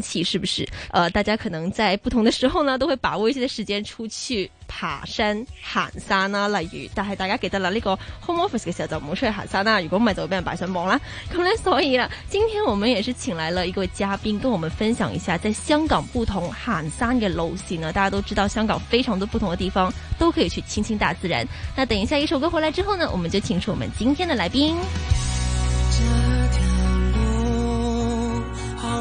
氣是不是？呃，大家可能在不同的時候呢，都會把握一些的時間出去爬山、行山啦，啊。例如，但係大家記得咗呢個 home office 的時候就唔好出去行山啦，啊。如果唔係就會俾人擺上網啦。咁咧，所以啦，今天我們也是請來了一個嘉賓，跟我們分享一下在香港不同行山嘅路線呢。大家都知道，香港非常多不同的地方都可以去親親大自然。那等一下一首歌回來之後呢，我們就請出我們今天的來賓。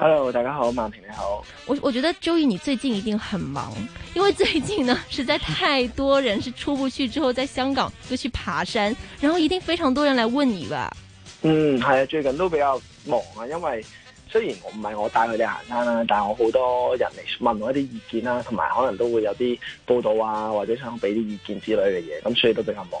Hello，大家好，曼婷你好。我我覺得 Joey 你最近一定很忙，因為最近呢實在太多人是出不去之後，在香港就去爬山，然後一定非常多人來問你吧。嗯，係啊，最近都比較忙啊，因為雖然我唔係我帶佢哋行山啦，但係我好多人嚟問我一啲意見啦，同埋可能都會有啲報道啊，或者想俾啲意見之類嘅嘢，咁、嗯、所以都比較忙。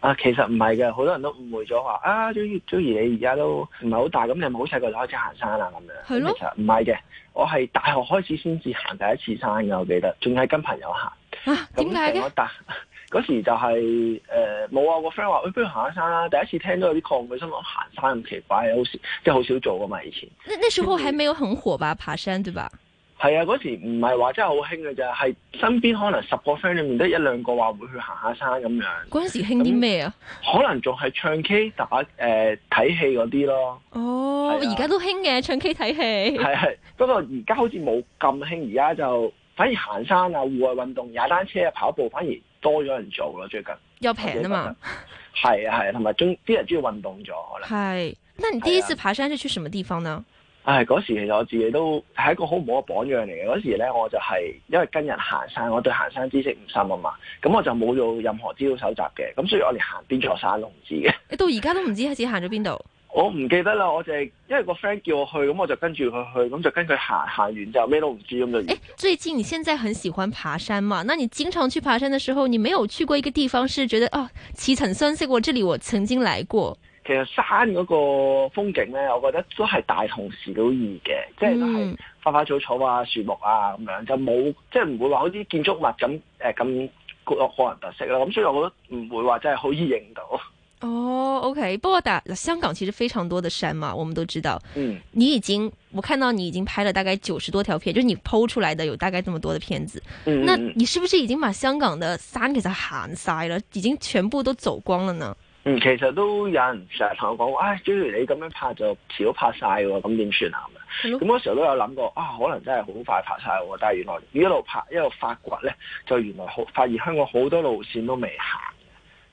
啊，其實唔係嘅，好多人都誤會咗話啊，Joey，Joey 你而家都唔係好大，咁你有冇好細個就開始行山啊？咁樣係咯，其實唔係嘅，我係大學開始先至行第一次山嘅，我記得仲係跟朋友行。啊，點解嘅？嗰時就係、是、誒、冇、呃、啊，我 friend 話，喂、哎，不如行下山啦、啊。第一次聽到有啲抗拒，心，諗行山咁奇怪，有時即係好少做噶嘛。以前那那時候還沒有很火吧，爬山對吧？係啊，嗰時唔係話真係好興嘅啫，係身邊可能十個 friend 裏面得一兩個話會去行下山咁樣。嗰陣時興啲咩啊？可能仲係唱 K 打、誒睇戲嗰啲咯。哦，而家、啊、都興嘅，唱 K 睇戲。係係、啊，不過而家好似冇咁興，而家就反而行山啊、戶外運動、踩單車、啊、跑步，反而多咗人做咯最近。又平啊嘛。係啊係，同埋中啲人鍾意運動咗可能。係，那你第一次爬山是去什麼地方呢？係、哎、嗰時，其實我自己都係一個好唔好嘅榜樣嚟嘅。嗰時咧，我就係、是、因為跟人行山，我對行山知識唔深啊嘛，咁我就冇做任何資料搜集嘅，咁所以我連行邊座山都唔知嘅。你、欸、到而家都唔知係指行咗邊度？我唔記得啦，我就係因為個 friend 叫我去，咁我就跟住佢去，咁就跟佢行行完之後咩都唔知，咁就。誒、欸，最近你現在很喜歡爬山嘛？那你經常去爬山的時候，你沒有去過一個地方，是覺得哦，似曾相識過，這裡我曾經來過。其實山嗰個風景咧，我覺得都係大同小異嘅，即係都係花花草草啊、樹木啊咁樣，就冇即係唔會話嗰啲建築物咁，誒，咁個個人特色啦。咁所以我覺得唔會話真係好易認到。哦，OK，不過但香港其實非常多的山嘛，我們都知道。嗯。你已經我看到你已經拍了大概九十多條片，就是你 PO 出來的有大概這麼多的片子。嗯。那你是不是已經把香港的山其實行曬了？已經全部都走光了呢？其實都有人成日同我講，唉、哎，如你咁樣拍就少拍晒喎，咁點算啊？咁嗰時候都有諗過，啊，可能真係好快拍晒喎。但係原來一路拍一路發掘呢，就原來好發現香港好多路線都未行，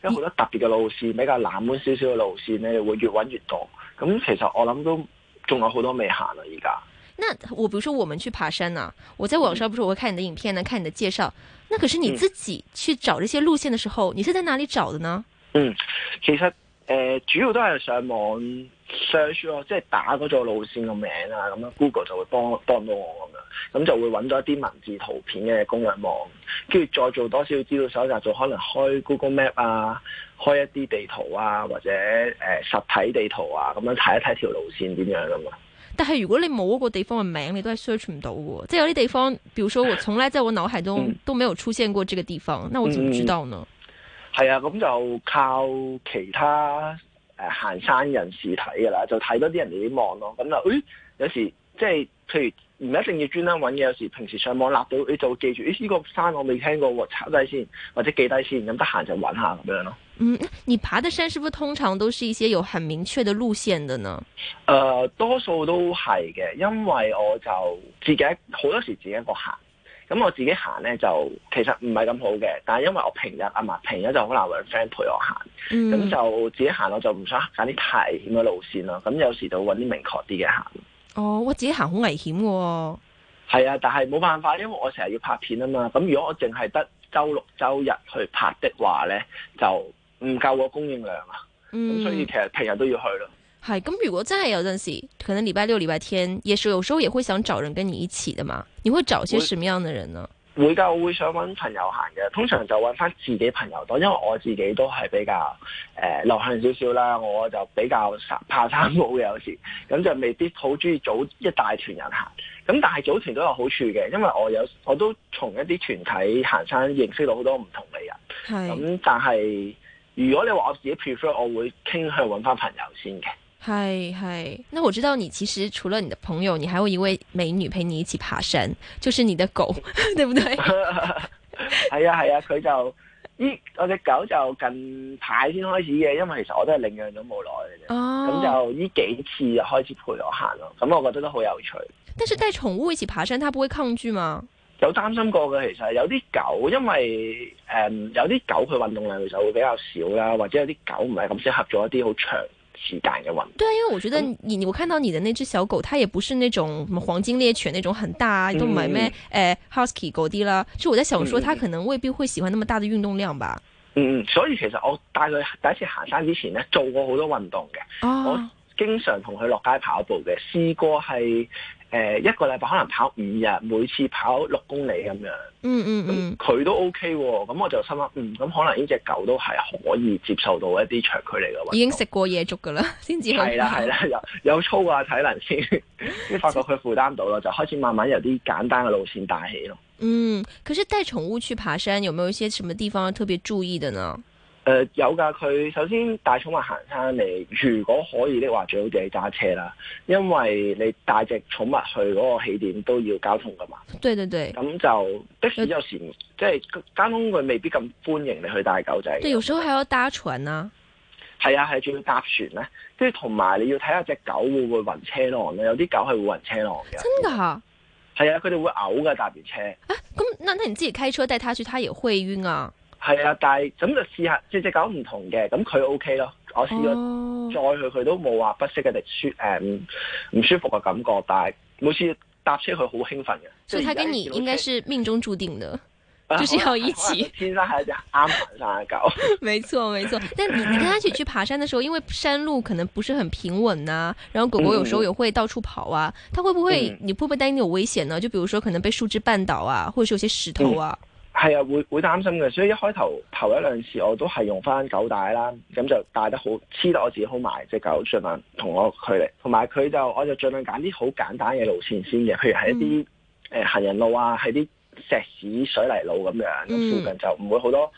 因為好多特別嘅路線，比較冷門少少嘅路線咧，會越搵越多。咁其實我諗都仲有好多未行啊！而家，那我，比如說我們去爬山啊，我在網上不是我會看你的影片呢，呢、嗯，看你的介紹，那可是你自己去找這些路線的時候，你是在哪裡找的呢？嗯，其實誒、呃，主要都係上網 search 咯，即係打嗰座路線個名啊。咁樣 Google 就會幫幫到我咁樣，咁就會搵到一啲文字圖片嘅攻略網，跟住再做多少資料搜集，就可能開 Google Map 啊，開一啲地圖啊，或者誒、呃、實體地圖啊，咁樣睇一睇條路線點樣咁啊。但係如果你冇一個地方嘅名字，你都係 search 唔到嘅，即係有啲地方，比如說我從來在我腦海中都，嗯，都沒有出現過這個地方，那我怎麼知道呢？嗯嗯係啊，咁就靠其他誒行、呃、山人士睇噶啦，就睇多啲人哋啲望咯。咁啊，誒、哎，有時即係譬如唔一定要專登揾嘢，有時平時上網立到你就記住，呢、哎、呢、呢個山我未聽過喎，查低先或者記低先，咁得閒就揾下咁樣咯。嗯，你爬嘅山係咪通常都是一些有很明確嘅路線嘅呢？誒、呃，多數都係嘅，因為我就自己好多時自己一個行。咁我自己行咧，就其實唔係咁好嘅。但係因為我平日啊嘛，平日就好難搵 friend 陪我行，咁、嗯、就自己行，我就唔想揀啲太險嘅路線咯。咁有時就搵啲明確啲嘅行。哦，我自己行好危險喎、哦。係啊，但係冇辦法，因為我成日要拍片啊嘛。咁如果我淨係得周六周日去拍的話咧，就唔夠個供應量啊。咁、嗯、所以其實平日都要去咯。係咁，如果真係有陣時，可能禮拜六、禮拜天，也是有時候也會想找人跟你一起嘅嘛。你會找些什麼樣嘅人呢？會噶我會想搵朋友行嘅，通常就搵翻自己朋友多，因為我自己都係比較誒、呃、流行少少啦。我就比較爬山好嘅有時，咁就未必好中意組一大團人行。咁但係組團都有好處嘅，因為我有我都從一啲團體行山，認識到好多唔同嘅人。咁、嗯，但係如果你話我自己 prefer，我會傾向搵翻朋友先嘅。係係，那我知道你其實除了你的朋友，你還有一位美女陪你一起爬山，就是你的狗， 對不對？係啊係啊，佢、啊、就咦我隻狗就近排先開始嘅，因為其實我都係領養咗冇耐嘅啫。哦，咁就呢幾次就開始陪我行咯，咁我覺得都好有趣。但是帶寵物一起爬山，它不會抗拒嗎？有擔心過嘅，其實有啲狗因為誒、嗯、有啲狗佢運動量就會比較少啦，或者有啲狗唔係咁適合做一啲好長。時間嘅運動，對啊，因為我覺得你，嗯、你我看到你的那隻小狗，它也不是那種什麼黃金獵犬那種很大啊，嗯、都唔係咩誒 husky 嗰啲啦。就我在想，說它可能未必會喜歡那麼大的運動量吧。嗯嗯，所以其實我帶佢第一次行山之前呢，做過好多運動嘅。哦、啊。經常同佢落街跑步嘅，試過係誒一個禮拜可能跑五日，每次跑六公里咁樣。嗯嗯，咁佢都 O K 喎，咁我就心諗，嗯，咁可能呢隻狗都係可以接受到一啲長距離嘅話，已經食過夜粥噶啦，先至係啦係啦，有有操下體能先，即發覺佢負擔到咯，就開始慢慢由啲簡單嘅路綫帶起咯。嗯，其實帶寵物去爬山，有冇一些什麼地方特別注意嘅呢？誒、呃，有噶。佢首先帶寵物行山嚟，你如果可以的話，最好自己揸車啦。因為你帶隻寵物去嗰個起點都要交通噶嘛。對對對。咁就的士有時有即係交通佢未必咁歡迎你去帶狗仔，就是。對，有時候還要搭船啊。係啊，係仲要搭船咧，即係同埋你要睇下隻狗會唔會暈車浪咧。有啲狗係會暈車浪嘅。真噶？係啊，佢哋會嘔噶搭完車。誒、啊，咁那你自己開車帶佢去，佢也會暈啊？係啊，但係咁就試下即隻狗唔同嘅，咁佢 O K 咯。我試咗再去，佢、oh. 都冇話不適嘅，唔舒誒唔舒服嘅感覺。但係每次搭車佢好興奮嘅。所以佢跟你應該是命中注定的，啊、就是要一起。先、啊、生係一隻啱爬山嘅狗。 沒錯，沒錯。但你你跟他一起去爬山的時候， 因為山路可能不是很平穩啊，然後狗狗有時候也會到處跑啊，它、嗯、會不會、嗯、你會不會擔心有危險呢？就比如說可能被樹枝絆倒啊，或者是有些石頭啊。嗯係啊，會會擔心嘅，所以一開頭頭一兩次我都係用翻狗帶啦，咁就帶得好黐到我自己好埋隻狗，盡量同我距離，同埋佢就我就盡量揀啲好簡單嘅路線先嘅，譬如喺一啲誒、嗯呃、行人路啊，喺啲石屎水泥路咁樣，咁附近就唔會好多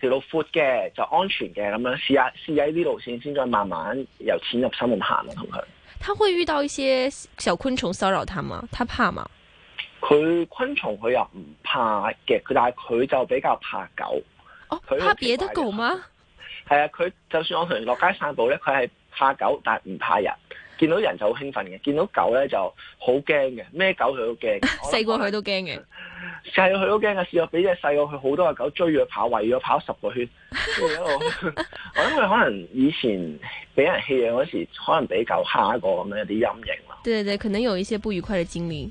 條路闊嘅，就安全嘅咁樣試下試下呢啲路線先，再慢慢由淺入深咁行啊同佢。佢會遇到一些小昆蟲騷擾他嗎？他怕嗎？佢昆蟲佢又唔怕嘅，佢但係佢就比較怕狗。佢怕別得狗嗎？係啊，佢就算我同你落街散步咧，佢係怕狗，但係唔怕人。見到人就好興奮嘅，見到狗咧就好驚嘅。咩狗佢都驚，細、啊啊嗯、個佢都驚嘅。細個佢都驚嘅，試過俾隻細個佢好多嘅狗追住佢跑，圍咗跑十個圈。 我諗佢可能以前俾人欺凌嗰時候，可能俾狗蝦過咁樣有啲陰影咯。對對對，可能有一些不愉快的經歷。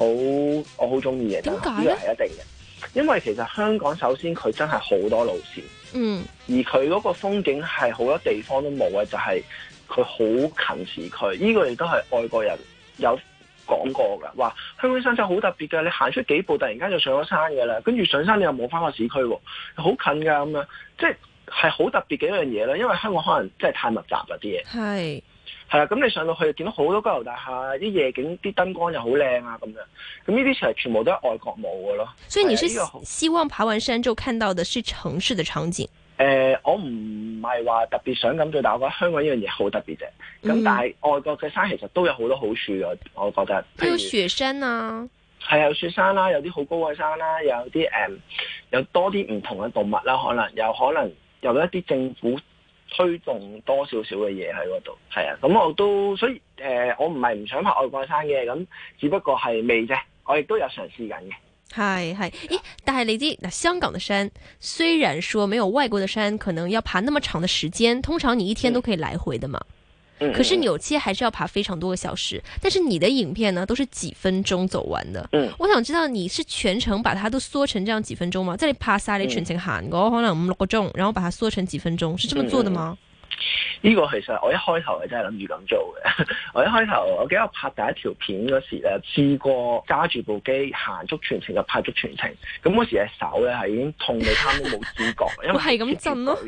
好，我好中意嘅，解呢個係一定嘅，因為其實香港首先佢真係好多路線，嗯，而佢嗰個風景係好多地方都冇嘅，就係佢好近市區。呢個亦都係外國人有講過嘅，話香港啲山好特別嘅。你行出幾步，突然間就上咗山噶啦，跟住上山你又冇翻個市區，好近噶咁樣，即係好特別嘅一樣嘢啦。因為香港可能真係太密集啦啲嘢。係。係啦，咁你上去看到去，見到好多高樓大廈啲夜景啲燈光又好靚啊，咁樣，咁呢啲其實全部都係外國冇嘅咯。所以，你是希望爬完山之後看到的是城市的場景？誒、呃，我唔係話特別想咁最大，我覺得香港呢樣嘢好特別啫。咁但係外國嘅山其實都有好多好處嘅，我覺得。雪啊、有雪山啊？係啊，雪山啦，有啲好高嘅山啦，又有啲誒，有多啲唔同嘅動物啦、啊，可能又可能有一啲政府。推動多少少嘅嘢喺嗰度。係啊，咁、嗯、我都所以，誒、呃，我唔係唔想拍外國山嘅，咁只不過係未啫，我亦都有嘗試緊嘅。係係，咦，但係你知，那香港嘅山雖然說沒有外國嘅山，可能要爬那麼長嘅時間，通常你一天都可以來回的嘛？嗯可是扭機還是要爬非常多個小時，但是你的影片呢，都是幾分鐘走完的。嗯，我想知道你是全程把它都縮成這樣幾分鐘嗎？即係你拍晒你全程行過，嗯、可能五六個鐘，然後把它縮成幾分鐘，是這麼做的嗎？呢、這個其實我一開頭係真係諗住咁做嘅。 我一開頭我記得我拍第一條片嗰時咧，試過揸住部機行足全程就拍足全程。咁嗰時嘅手咧係已經痛到差唔多冇知覺， 我是這啊、因為係咁震咯。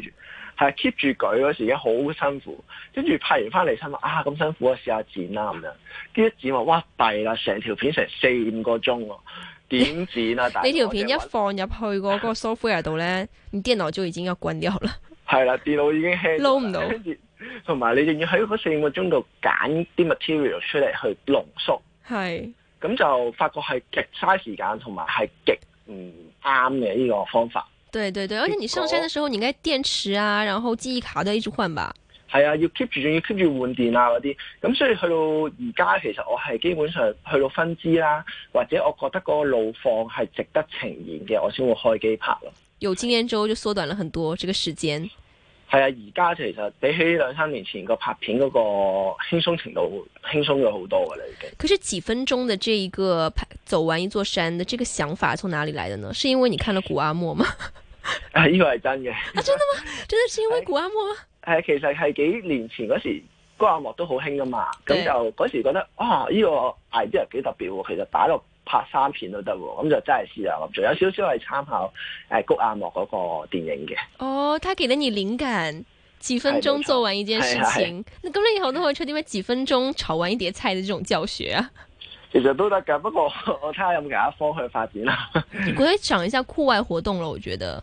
但係 keep 住舉嗰時已經好辛苦，跟住拍完翻嚟身話啊咁辛苦啊，試下剪啦咁樣。跟住剪話哇，弊啦，成條片成四五個鐘喎，點剪啊？ 你條片一放入去嗰個 software 度咧，啲 電腦就已經要關掉啦，係啦，電腦已經輕，load 唔到。跟住同埋你仲要喺嗰四五個鐘度揀啲 material 出嚟去濃縮。係。咁就發覺係極嘥時間，同埋係極唔啱嘅呢個方法。對對對，而且你上山的時候，你應該電池啊，然後記憶卡都一直換吧。係啊，要 keep 住，仲要 keep 住換電啊嗰啲。咁所以去到而家，其實我係基本上去到分支啦，或者我覺得嗰個路況係值得呈現嘅，我先會開機拍咯。有經驗之後就縮短了很多這個時間。係啊，而家其實比起兩三年前個拍片嗰個輕鬆程度，輕鬆咗好多噶啦已經。可是幾分鐘的這一個拍走完一座山的這個想法從哪裡來的呢？是因為你看了古阿莫嗎？ 呢、啊，這個係真嘅。 啊，真的嗎？真的是因為谷阿莫嗎？係， 其實係幾年前嗰時，谷阿莫都好興噶嘛。咁就嗰時覺得，啊，呢、這個 idea 幾特別喎。其實打落拍三片都得喎。咁就真係試下諗仲有少少係參考誒谷、呃、阿莫嗰個電影嘅。哦，他給了你靈感，幾分鐘做完一件事情。咁你以後都可以出啲咩幾分鐘炒完一碟菜嘅呢種教學啊？其實都得嘅，不過呵呵我睇下有冇其他方向發展啦。可以講一下戶外活動咯，我覺得。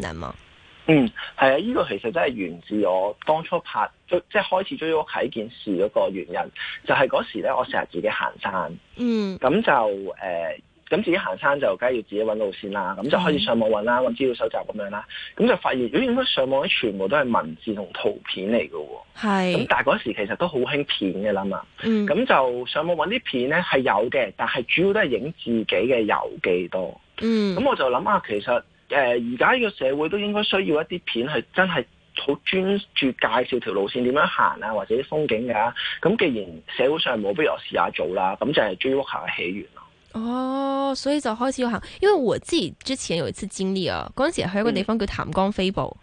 係嘛？ 嗯，係啊，呢個其實真係源自我當初拍即係開始追咗屋企件事嗰個原因，就係、是、嗰時咧，我成日自己行山。嗯，咁就誒，咁、呃、自己行山就梗係要自己搵路綫啦，咁就開始上網搵啦，搵資料搜集咁樣啦，咁就發現咦，果、哎、咁上網咧，全部都係文字同圖片嚟噶。係咁，但係嗰時其實都好興片嘅啦嘛。咁、嗯、就上網搵啲片咧係有嘅，但係主要都係影自己嘅遊記多。嗯，咁我就諗下、啊、其實。誒，而家呢個社會都應該需要一啲片係真係好專注介紹條路線點樣行啊，或者啲風景㗎、啊。咁既然社會上冇，必要我試下做啦，咁就係追屋行嘅起源咯。哦，所以就開始要行，因為我自己之前有一次經歷啊，嗰陣時喺一個地方叫潭江飛瀑。嗯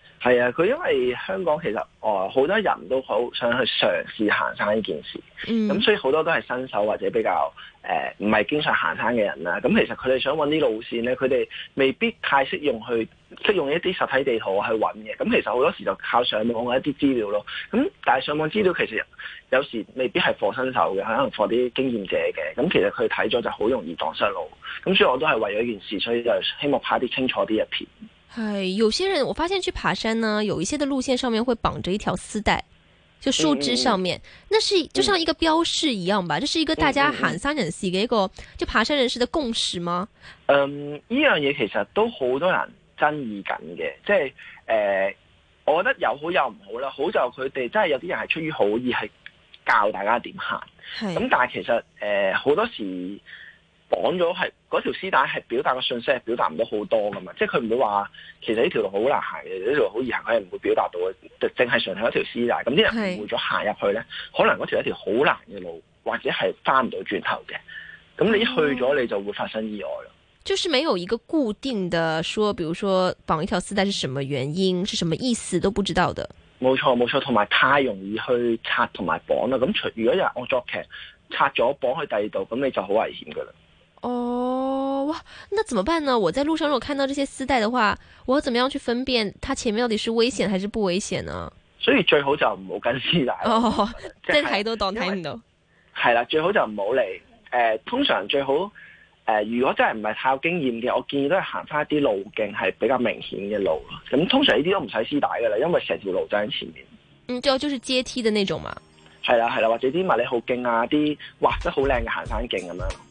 係啊，佢因為香港其實，哦好多人都好想去嘗試行山呢件事，咁、嗯嗯、所以好多都係新手或者比較誒唔係經常行山嘅人啦。咁其實佢哋想揾啲路線咧，佢哋未必太適用去適用一啲實體地圖去搵嘅。咁其實好多時就靠上網嘅一啲資料咯。咁但係上網資料其實有，有時未必係俾新手嘅，可能俾啲經驗者嘅。咁其實佢睇咗就好容易蕩失路。咁所以我都係為咗一件事，所以就希望拍啲清楚啲一,一片。唉，有些人我發現去爬山呢，有一些的路線上面會綁着一條絲帶，就樹枝上面，嗯、那是就像一個標示一樣吧？嗯、這是一個大家行山人士嘅一個、嗯，就爬山人士的共識嗎？嗯，呢樣嘢其實都好多人爭議緊嘅，即係誒、呃，我覺得有好有唔好啦。好就佢哋真係有啲人係出於好意係教大家點行，咁但係其實誒好、呃、多時。綁咗係嗰條絲帶，係表達個信息，係表達唔到好多噶嘛，即係佢唔會話其實呢條路好難行嘅，呢條路好易行，佢係唔會表達到嘅，淨係上條一條絲帶。咁啲人誤咗行入去咧，可能嗰條一條好難嘅路，或者係翻唔到轉頭嘅。咁你一去咗你就會發生意外咯、嗯。就是沒有一個固定嘅，說，比如說綁一條絲帶係什麼原因，係什麼意思都不知道的。冇錯冇錯，同埋太容易去拆同埋綁啦。咁除如果有人惡作劇拆咗綁去第二度，咁你就好危險噶啦。哦、oh，哇，那怎麼辦呢？我在路上如果看到這些絲帶的話，我要怎麼樣去分辨它前面到底是危險還是不危險呢？所以最好就唔好跟絲帶咯，即係睇到當睇唔到。係啦，最好就唔好嚟。誒、呃，通常最好誒、呃，如果真係唔係太有經驗嘅，我建議都係行翻一啲路徑係比較明顯嘅路。咁通常呢啲都唔使絲帶噶啦，因為成條路就喺前面。嗯，就就是階梯的那種嘛。係啦係啦，或者啲麥理浩徑啊，啲畫得好靚嘅行山徑咁樣。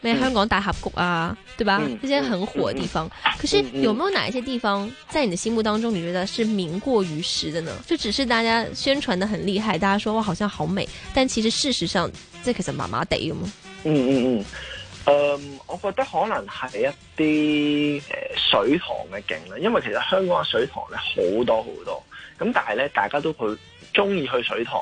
咩香港大峽谷啊，嗯，對吧？這、嗯、些很火的地方，嗯，可是有沒有哪一些地方在你的心目當中，你覺得是名過於實的呢，嗯嗯？就只是大家宣傳得很厲害，大家說哇，好像好美，但其實事實上，即係其實麻麻地，好嗯嗯嗯，嗯，我覺得可能係一啲誒、呃、水塘嘅景啦，因為其實香港嘅水塘咧好多好多，咁但係咧，大家都去中意去水塘。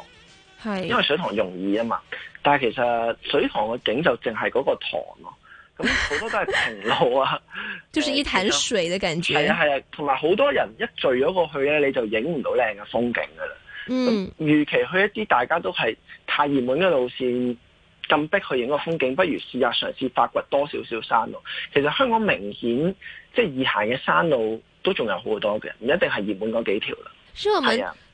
係，因為水塘容易啊嘛，但係其實水塘嘅景就淨係嗰個塘咯，啊，咁好多都係平路啊， 就是一潭水嘅感覺，係啊係啊，同埋好多人一聚咗過去咧，你就影唔到靚嘅風景噶啦。咁與其去一啲大家都係太熱門嘅路線咁逼去影個風景，不如試下嘗試發掘多少少山路。其實香港明顯即係易行嘅山路都仲有好多嘅，唔一定係熱門嗰幾條啦。係啊。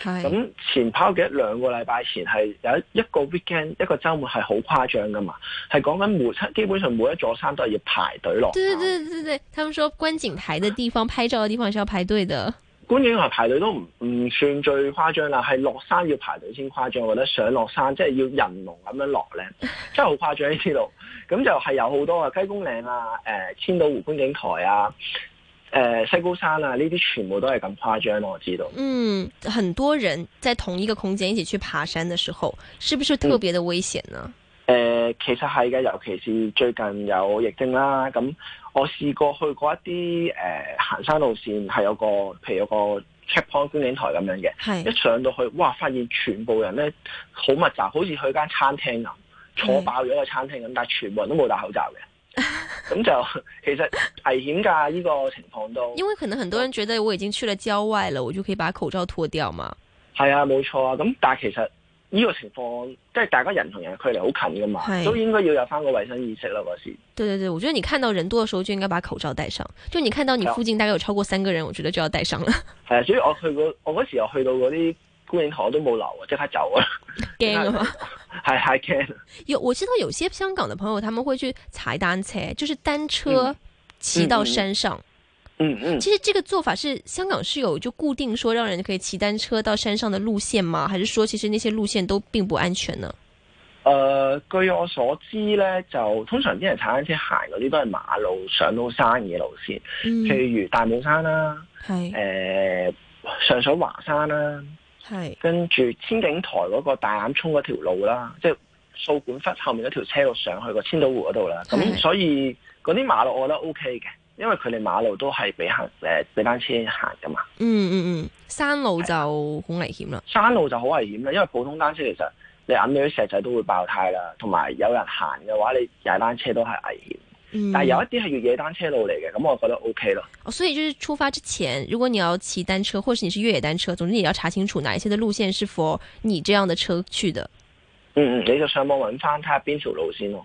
咁前跑嘅兩個禮拜前係有一個 weekend 一個週末係好誇張㗎嘛，係講緊，每七，基本上每一座山都係要排隊落。對對對對對，他們說觀景台嘅地方、拍照嘅地方係要排隊嘅。觀景台排隊都唔唔算最誇張啦，係落山要排隊先誇張。或者得上落山即係要人龍咁樣落咧，真係好誇張呢啲度。咁 就係有好多啊，雞公嶺啊，誒，千島湖觀景台啊。誒、呃，西高山啊，呢啲全部都係咁誇張咯，我知道。嗯，很多人在同一個空間一起去爬山嘅時候，是不是特別的危險呢？誒、嗯呃，其實係嘅，尤其是最近有疫症啦。咁我試過去過一啲誒、呃、行山路線，係有個，譬如有個 checkpoint 觀景台咁樣嘅，係一上到去，哇！發現全部人咧好密集，好似去間餐廳啊，坐爆咗個餐廳咁，但係全部人都冇戴口罩嘅。咁 就其實危險噶呢個情況都， 因為可能很多人覺得我已經去了郊外了，我就可以把口罩脱掉嘛。係啊，冇錯啊。咁但係其實呢個情況即係大家人同人距離好近噶嘛，都 應該要有翻個衛生意識啦嗰時。 對對對，我覺得你看到人多嘅時候就應該把口罩戴上。就你看到你附近大概有超過三個人， 我覺得就要戴上了。係啊，所以我去過，我嗰時又去到嗰啲。固然我都冇留啊，即刻走啊！驚啊嘛，係太驚。 有我知道有些香港嘅朋友，他們會去踩單車，就是單車騎到山上。嗯嗯，嗯，嗯。其實這個做法是香港是有就固定說讓人可以騎單車到山上的路線嗎？還是說其實那些路線都並不安全呢？誒、呃，據我所知咧，就通常啲人踩單車行嗰啲都係馬路上到山嘅路線，譬、嗯、如大帽山啦、啊，係、哎、誒、呃、上水華山啦、啊。係，跟住千景台嗰個大欖涌嗰條路啦，即係掃管笏後面嗰條車路上去個千島湖嗰度啦。咁所以嗰啲馬路我覺得 O K 嘅，因為佢哋馬路都係俾行誒俾單車行噶嘛。嗯嗯嗯，山路就好危險啦。山路就好危險啦，因為普通單車其實你揞到啲石仔都會爆胎啦，同埋有，有人行嘅話，你踩單車都係危險。嗯、但係有一啲係越野單車路嚟嘅，咁我覺得 OK 咯。哦，所以就是出發之前，如果你要騎單車，或者你是越野單車，總之你要查清楚哪一些的路線是否你這樣的車去的。嗯嗯，你就上網搵翻睇下邊條路先咯，哦。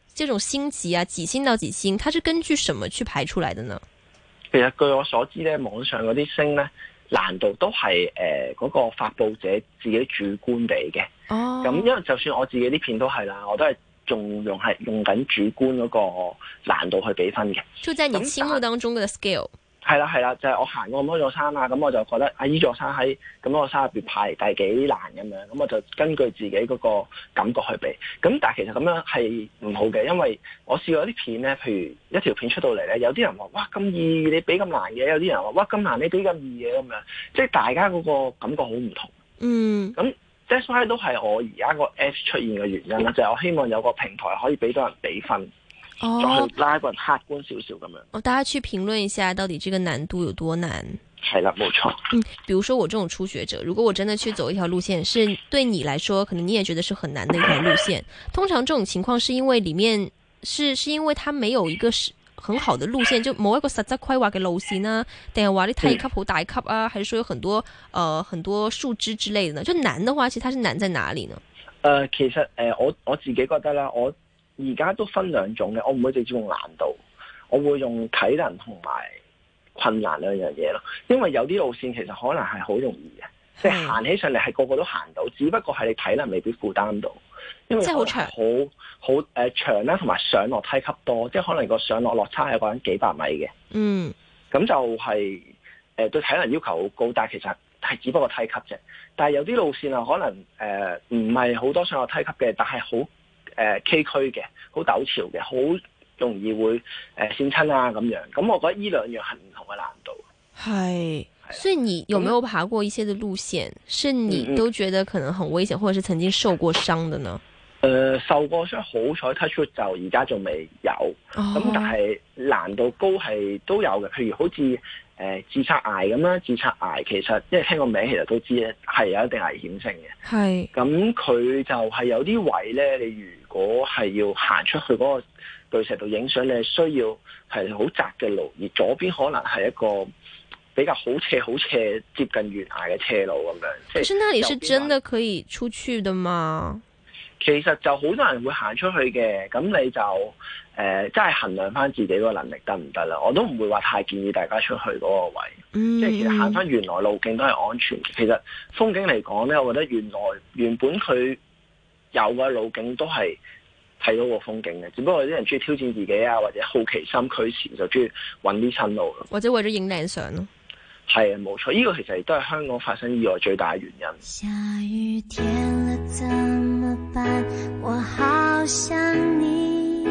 呢種星級啊，幾星到幾星，它是根據什麼去排出來的呢？其實據我所知咧，網上嗰啲星咧難度都係誒嗰個發布者自己的主觀俾嘅。哦、oh. 嗯，咁因為就算我自己啲片都係啦，我都係仲用係用緊主觀嗰個難度去俾分嘅。就在你心目當中的 scale 係啦係啦，就係、是、我行過咁多座山啊，咁我就覺得啊，依座山喺咁多個山入邊排第幾難咁樣，咁我就根據自己嗰個感覺去比。咁但係其實咁樣係唔好嘅，因為我試過有啲片咧，譬如一條片出到嚟咧，有啲人話哇咁易，你俾咁難嘅；有啲人話哇咁難，你俾咁易嘅咁樣。即、就、係、是、大家嗰個感覺好唔同。嗯。咁 That's why 都係我而家個 app 出現嘅原因啦，就係、是、我希望有個平台可以俾到人俾分。哦，拉一個人客觀少少咁樣。哦，大家去評論一下，到底這個難度有多難？係啦，冇錯。嗯，比如說我這種初學者，如果我真的去走一條路線，是對你來說，可能你也覺得是很難的一條路線。通常這種情況是因為裏面是是因為它沒有一個很好的路線，就冇一個實質規劃嘅路線呢、啊？定係話你睇一級好大一級啊？還是說有很多，呃，很多樹枝之類的呢？就難的話，其實它是難在哪裏呢？呃，其實呃，我我自己覺得啦，我。而家都分兩種嘅，我唔會直接用難度，我會用體能同埋困難兩樣嘢咯。因為有啲路線其實可能係好容易嘅，即係行起上嚟係個個都行到，只不過係你體能未必負擔到，因為可能好好誒長啦，同埋上落梯級多，即係可能個上落落差係講緊幾百米嘅。嗯，咁就係誒對體能要求好高，但係其實係只不過梯級啫。但係有啲路線啊，可能誒唔係好多上落梯級嘅，但係好。誒崎嶇嘅好陡峭嘅，好容易會誒跣、呃、親啊咁樣。咁我覺得呢兩樣係唔同嘅難度。係，所以你有冇爬過一些嘅路線，嗯？是你都覺得可能很危險，或者是曾經受過傷的呢？誒、呃，受過傷好彩 touch out, 就而家仲未有。咁、哦、但係難度高係都有嘅，譬如好似。誒，自殺崖咁啦，自殺崖其實，因為聽個名，其實都知咧，係有一定危險性嘅。係。咁、嗯、佢就係有啲位咧，你如果係要行出去嗰個巨石度影相，你係需要係好窄嘅路，而左邊可能係一個比較好斜，斜、好斜接近懸崖嘅斜路咁樣。其實，是那裡是真的可以出去的嗎？其實就好多人會行出去嘅，咁你就。誒、呃，真係衡量翻自己個能力得唔得啦？我都唔會話太建議大家出去嗰個位，嗯嗯，即係其實行翻原來路徑都係安全。其實風景嚟講呢，我覺得原來原本佢有嘅路徑都係睇到個風景嘅，只不過有啲人中意挑戰自己啊，或者好奇心驅使就中意揾啲新路咯，或者為咗影靚相咯。係啊，冇錯，依、呢個其實亦都係香港發生意外最大嘅原因。下雨天，怎麼辦？我好想你。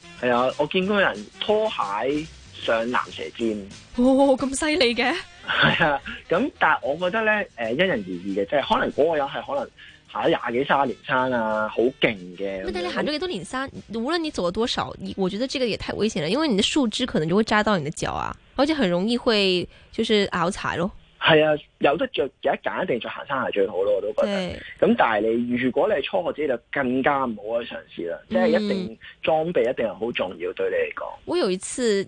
係啊，我見過有人拖鞋上南蛇尖，哦，咁犀利嘅。係啊，咁 但係我覺得咧，誒因人而異嘅，即係可能嗰個人係可能行咗廿幾卅年山啊，好勁嘅。但係你行咗幾多年山，無論你走咗多少，你我覺得呢你走多少我覺得這個也太危險啦，因為你嘅樹枝可能就會扎到你嘅腳啊，好似很容易會就是拗柴咯。係啊，有得着，有一揀，一定着行山鞋最好咯，我都覺得。咁但係你如果你係初學者，就更加唔好去嘗試啦，嗯、即係一定裝備一定係好重要對你嚟講。我有一次。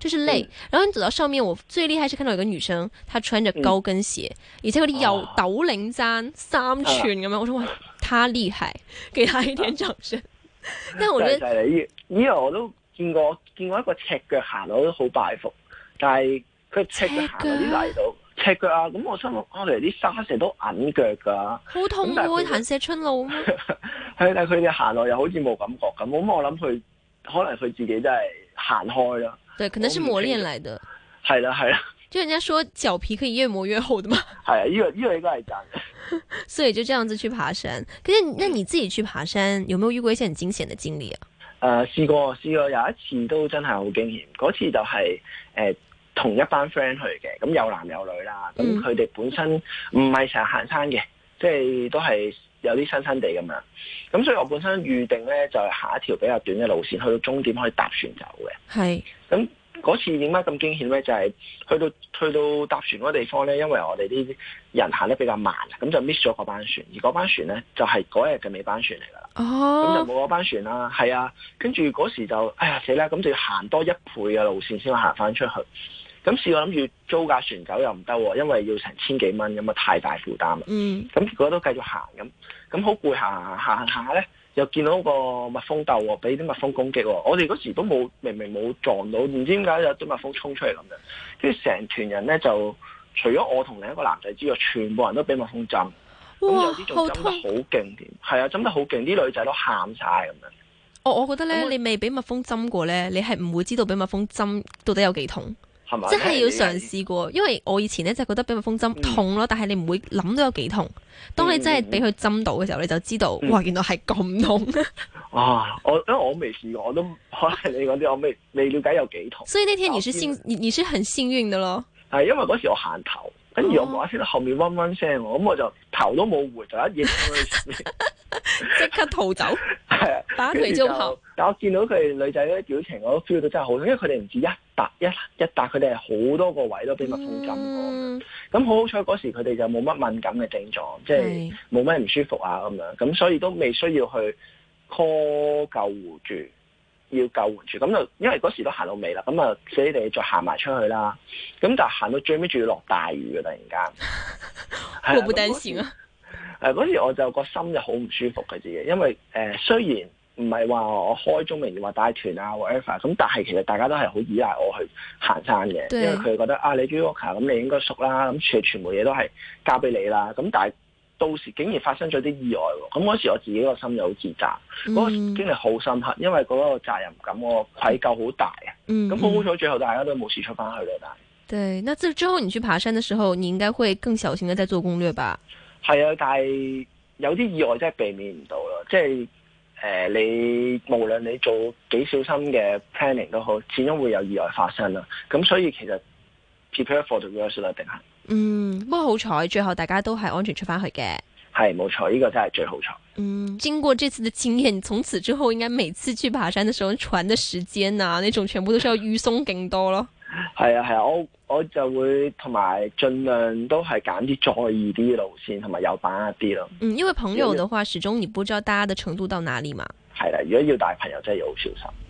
就是累，嗯、然後你走到上面，我最厲害是看到有個女生，她穿着高跟鞋，嗯、而且佢有斗零踭，三寸咁樣。啊、我說哇，她厲害，給、啊、她一點掌聲。但係我覺得，因、就、為、是就是、我都見過，見過一個赤腳行路，都好拜服。但係佢赤腳行啲泥度，赤腳啊，咁、啊、我心諗，我哋啲沙石都揞腳噶、啊，好痛會行石春路咩？係但佢哋行路又好似冇感覺咁，咁我諗佢可能佢自己真係行開啦。對，可能是磨練來的。係啦，係啦，就人家說腳皮可以越磨越厚的嘛。係啊，呢個呢個應該係、這個、真嘅， 所以就這樣子去爬山。可是，那你自己去爬山，有沒有遇過一些很驚險的經歷啊？誒、呃，試過試過，試過有一次都真係好驚險。嗰次就係、是、誒、呃、同一班 friend 去嘅，咁有男有女啦，咁佢哋本身唔係成日行山嘅，即係都係。有啲新新地咁樣，咁所以我本身預定咧就係、是、下一條比較短嘅路線，去到終點可以搭船走嘅。係咁嗰次點解咁驚險咧？就係、是、去到去到搭船嗰地方咧，因為我哋啲人行得比較慢，咁就 miss 咗嗰班船。而嗰班船咧就係嗰日嘅尾班船嚟㗎啦，咁、哦、就冇嗰班船啦。係啊，跟住嗰時就哎呀死啦！咁就要行多一倍嘅路線先可以行翻出去。咁試過諗住租架船走又唔得，因為要成千幾蚊，咁啊太大負擔啦。咁、嗯、結果都繼續行咁，咁好攰行行行行下咧，又見到個蜜蜂斗俾啲蜜蜂攻擊。我哋嗰時都冇明明冇撞到，唔知點解有啲蜜蜂衝出嚟咁樣。跟住成團人咧，就除咗我同另一個男仔之外，全部人都俾蜜蜂針。哇！好痛！咁有啲仲針得好勁，係啊，針得好勁。啲女仔都喊晒咁樣。我、哦、我覺得咧、嗯，你未俾蜜蜂針過咧，你係唔會知道俾蜜蜂針到底有幾痛。是真係要嘗試過你你，因為我以前咧就係覺得俾蜜蜂針痛咯、嗯，但係你唔會諗到有幾痛、嗯。當你真係俾佢針到嘅時候，你就知道，嗯、哇，原來係咁痛。哇、啊！我因為我未試過，我都可能你講啲，我未未了解有幾痛。所以呢天你是幸，你是很幸運的咯。係因為嗰時候我行頭，跟住我話先，後面嗡嗡聲，我、啊、咁我就頭都冇回，就一嘢即 刻逃走， 啊、把佢就跑。但我見到佢哋女仔嗰啲表情，我都 feel 到真係好痛，因為佢哋唔止一。但一一打佢哋係好多個位都俾蜜蜂針過，咁好好彩嗰時佢哋就冇乜敏感嘅症狀，即係冇咩唔舒服啊咁樣，咁所以都未需要去 call 救護住，要救護住，咁就因為嗰時都行到尾啦，咁啊自己哋再行埋出去啦，咁但係行到最尾仲要落大雨嘅突然間，禍不單行啊！嗰時，時我就、個心就好唔舒服嘅，自己，因為誒、呃、雖然。唔係話我開中明話帶團啊，whatever。咁但係其實大家都係好依賴我去行山嘅，因為佢覺得啊，你 Yoga 咁你應該熟啦，咁全全部嘢都係交俾你啦。咁但係到時竟然發生咗啲意外，咁嗰時我自己個心又好自責，嗰、嗰個經歷好深刻，因為嗰個責任感個愧疚大好大啊。咁好彩最後大家都冇事出翻去咯，但係對，那之之後你去爬山嘅時候，你應該會更小心啲再做攻略吧？係啊，但係有啲意外真係避免唔到咯，即係。誒、呃，你無論你做幾小心嘅 planning 都好，始終會有意外發生啦。咁所以其實 prepare for the worst 啦，定係嗯，不過好彩最後大家都係安全出翻去嘅。係冇錯，呢、這個真係最好彩。嗯，經過這次嘅經驗，從此之後應該每次去爬山嘅時候，船嘅時間啊，呢種全部都需要預鬆勁多咯。係啊，係啊，我我就會同埋盡量都係揀啲在意啲路線，同埋有把握啲咯。嗯，因為朋友嘅話，始終你不知道大家嘅程度到哪裏嘛。係啦、啊，如果要帶朋友，真係要好小心。